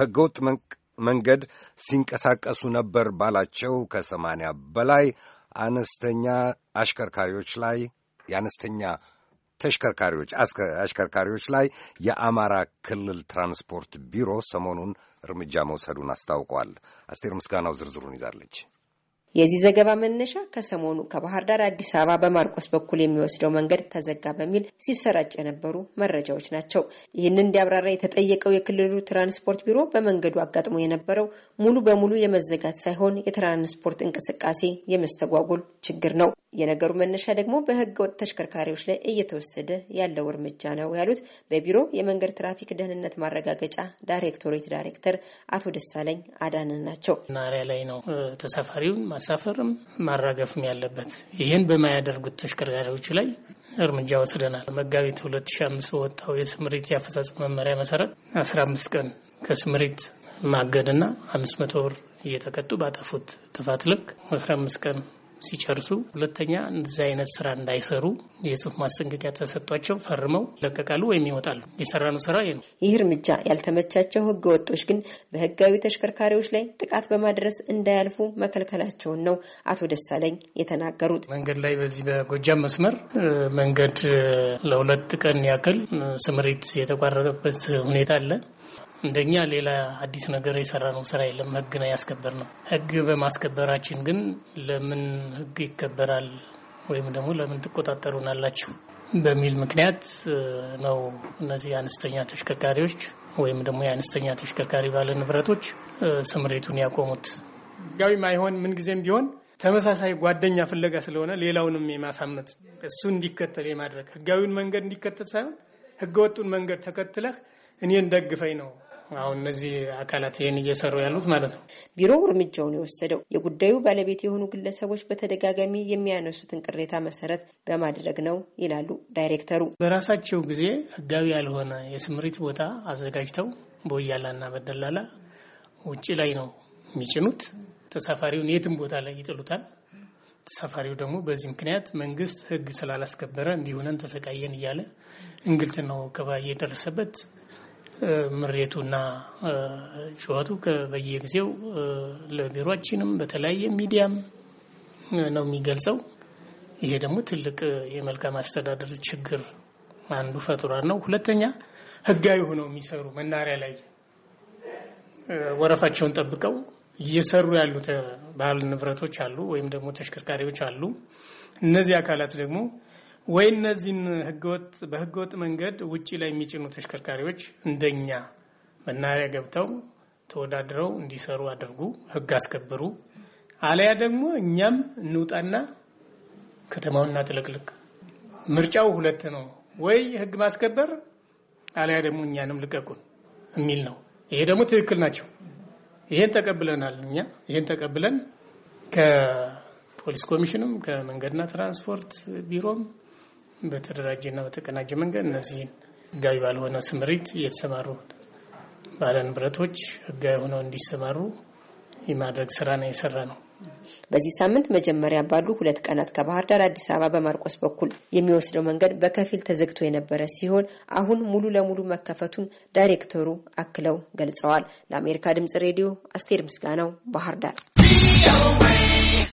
በሕገወጥ መንገድ ሲንቀሳቀሱ ነበር ባላቸው ከሰማንያ በላይ አነስተኛ አሽከርካሪዎች ላይ የአነስተኛ ተሽከርካሪዎች አሽከርካሪዎች ላይ የአማራ ክልል ትራንስፖርት ቢሮ ሰሞኑን እርምጃ መውሰዱን አስታውቋል። አስቴር ምስጋናው ዝርዝሩን ይዛለች። የዚህ ዘገባ መነሻ ከሰሞኑ ከባህር ዳር አዲስ አበባ በማርቆስ በኩል የሚወስደው መንገድ ተዘጋ በሚል ሲሰራጭ የነበሩ መረጃዎች ናቸው። ይህንን እንዲያብራራ የተጠየቀው የክልሉ ትራንስፖርት ቢሮ በመንገዱ አጋጥሞ የነበረው ሙሉ በሙሉ የመዘጋት ሳይሆን የትራንስፖርት እንቅስቃሴ የመስተጓጎል ችግር ነው። የነገሩ መነሻ ደግሞ በህገ ወጥ ተሽከርካሪዎች ላይ እየተወሰደ ያለው እርምጃ ነው ያሉት በቢሮ የመንገድ ትራፊክ ደህንነት ማረጋገጫ ዳይሬክቶሬት ዳይሬክተር አቶ ደሳለኝ አዳንን ናቸው። ናሪያ ላይ ነው ተሳፋሪውን ማሳፈርም ማራገፍም ያለበት። ይህን በማያደርጉት ተሽከርካሪዎች ላይ እርምጃ ወስደናል። መጋቢት 2005 በወጣው የስምሪት የአፈጻጸም መመሪያ መሰረት 15 ቀን ከስምሪት ማገድና 500 ብር እየተቀጡ ባጠፉት ጥፋት ልክ 15 ቀን ሲጨርሱ፣ ሁለተኛ እንደዚህ አይነት ስራ እንዳይሰሩ የጽሁፍ ማስጠንቀቂያ ተሰጥቷቸው ፈርመው ይለቀቃሉ ወይም ይወጣሉ። ነው ስራ ነው። ይህ እርምጃ ያልተመቻቸው ህገ ወጦች ግን በህጋዊ ተሽከርካሪዎች ላይ ጥቃት በማድረስ እንዳያልፉ መከልከላቸውን ነው አቶ ደሳለኝ የተናገሩት። መንገድ ላይ በዚህ በጎጃም መስመር መንገድ ለሁለት ቀን ያክል ስምሪት የተቋረጠበት ሁኔታ አለ። እንደኛ ሌላ አዲስ ነገር የሰራ ነው ስራ የለም። ህግ ነው ያስከበር ነው። ህግ በማስከበራችን ግን ለምን ህግ ይከበራል ወይም ደግሞ ለምን ትቆጣጠሩናላችሁ በሚል ምክንያት ነው እነዚህ የአነስተኛ ተሽከርካሪዎች ወይም ደግሞ የአነስተኛ ተሽከርካሪ ባለ ንብረቶች ስምሬቱን ያቆሙት። ህጋዊ ማይሆን ምንጊዜም ቢሆን ተመሳሳይ ጓደኛ ፍለጋ ስለሆነ ሌላውንም የማሳመት እሱ እንዲከተል የማድረግ ህጋዊውን መንገድ እንዲከተል ሳይሆን ህገወጡን መንገድ ተከትለህ እኔን ደግፈኝ ነው አሁን እነዚህ አካላት ይህን እየሰሩ ያሉት ማለት ነው። ቢሮው እርምጃውን የወሰደው የጉዳዩ ባለቤት የሆኑ ግለሰቦች በተደጋጋሚ የሚያነሱትን ቅሬታ መሰረት በማድረግ ነው ይላሉ ዳይሬክተሩ። በራሳቸው ጊዜ ህጋዊ ያልሆነ የስምሪት ቦታ አዘጋጅተው በወያላና በደላላ ውጭ ላይ ነው የሚጭኑት። ተሳፋሪውን የትም ቦታ ላይ ይጥሉታል። ተሳፋሪው ደግሞ በዚህ ምክንያት መንግስት ህግ ስላላስከበረ እንዲሆነን ተሰቃየን እያለ እንግልት ነው ከባ እየደረሰበት ምሬቱና ጩኸቱ በየጊዜው ለቢሮአችንም በተለያየ ሚዲያም ነው የሚገልጸው። ይሄ ደግሞ ትልቅ የመልካም አስተዳደር ችግር አንዱ ፈጥሯል ነው። ሁለተኛ ህጋዊ ሆነው የሚሰሩ መናሪያ ላይ ወረፋቸውን ጠብቀው እየሰሩ ያሉ ባህል ንብረቶች አሉ፣ ወይም ደግሞ ተሽከርካሪዎች አሉ። እነዚህ አካላት ደግሞ ወይ እነዚህን ህገወጥ በህገወጥ መንገድ ውጭ ላይ የሚጭኑ ተሽከርካሪዎች እንደኛ መናሪያ ገብተው ተወዳድረው እንዲሰሩ አድርጉ፣ ህግ አስከብሩ። አለያ ደግሞ እኛም እንውጣና ከተማውና ጥልቅልቅ። ምርጫው ሁለት ነው፣ ወይ ህግ ማስከበር አለያ ደግሞ እኛንም ልቀቁን የሚል ነው። ይሄ ደግሞ ትክክል ናቸው። ይሄን ተቀብለናል። እኛ ይሄን ተቀብለን ከፖሊስ ኮሚሽንም ከመንገድና ትራንስፖርት ቢሮም በተደራጀና በተቀናጀ መንገድ እነዚህን ህጋዊ ባልሆነ ስምሪት እየተሰማሩ ባለንብረቶች ህጋዊ ሆነው እንዲሰማሩ የማድረግ ስራ ነው የሰራ ነው። በዚህ ሳምንት መጀመሪያ ባሉ ሁለት ቀናት ከባህር ዳር አዲስ አበባ በማርቆስ በኩል የሚወስደው መንገድ በከፊል ተዘግቶ የነበረ ሲሆን አሁን ሙሉ ለሙሉ መከፈቱን ዳይሬክተሩ አክለው ገልጸዋል። ለአሜሪካ ድምጽ ሬዲዮ አስቴር ምስጋናው ባህር ዳር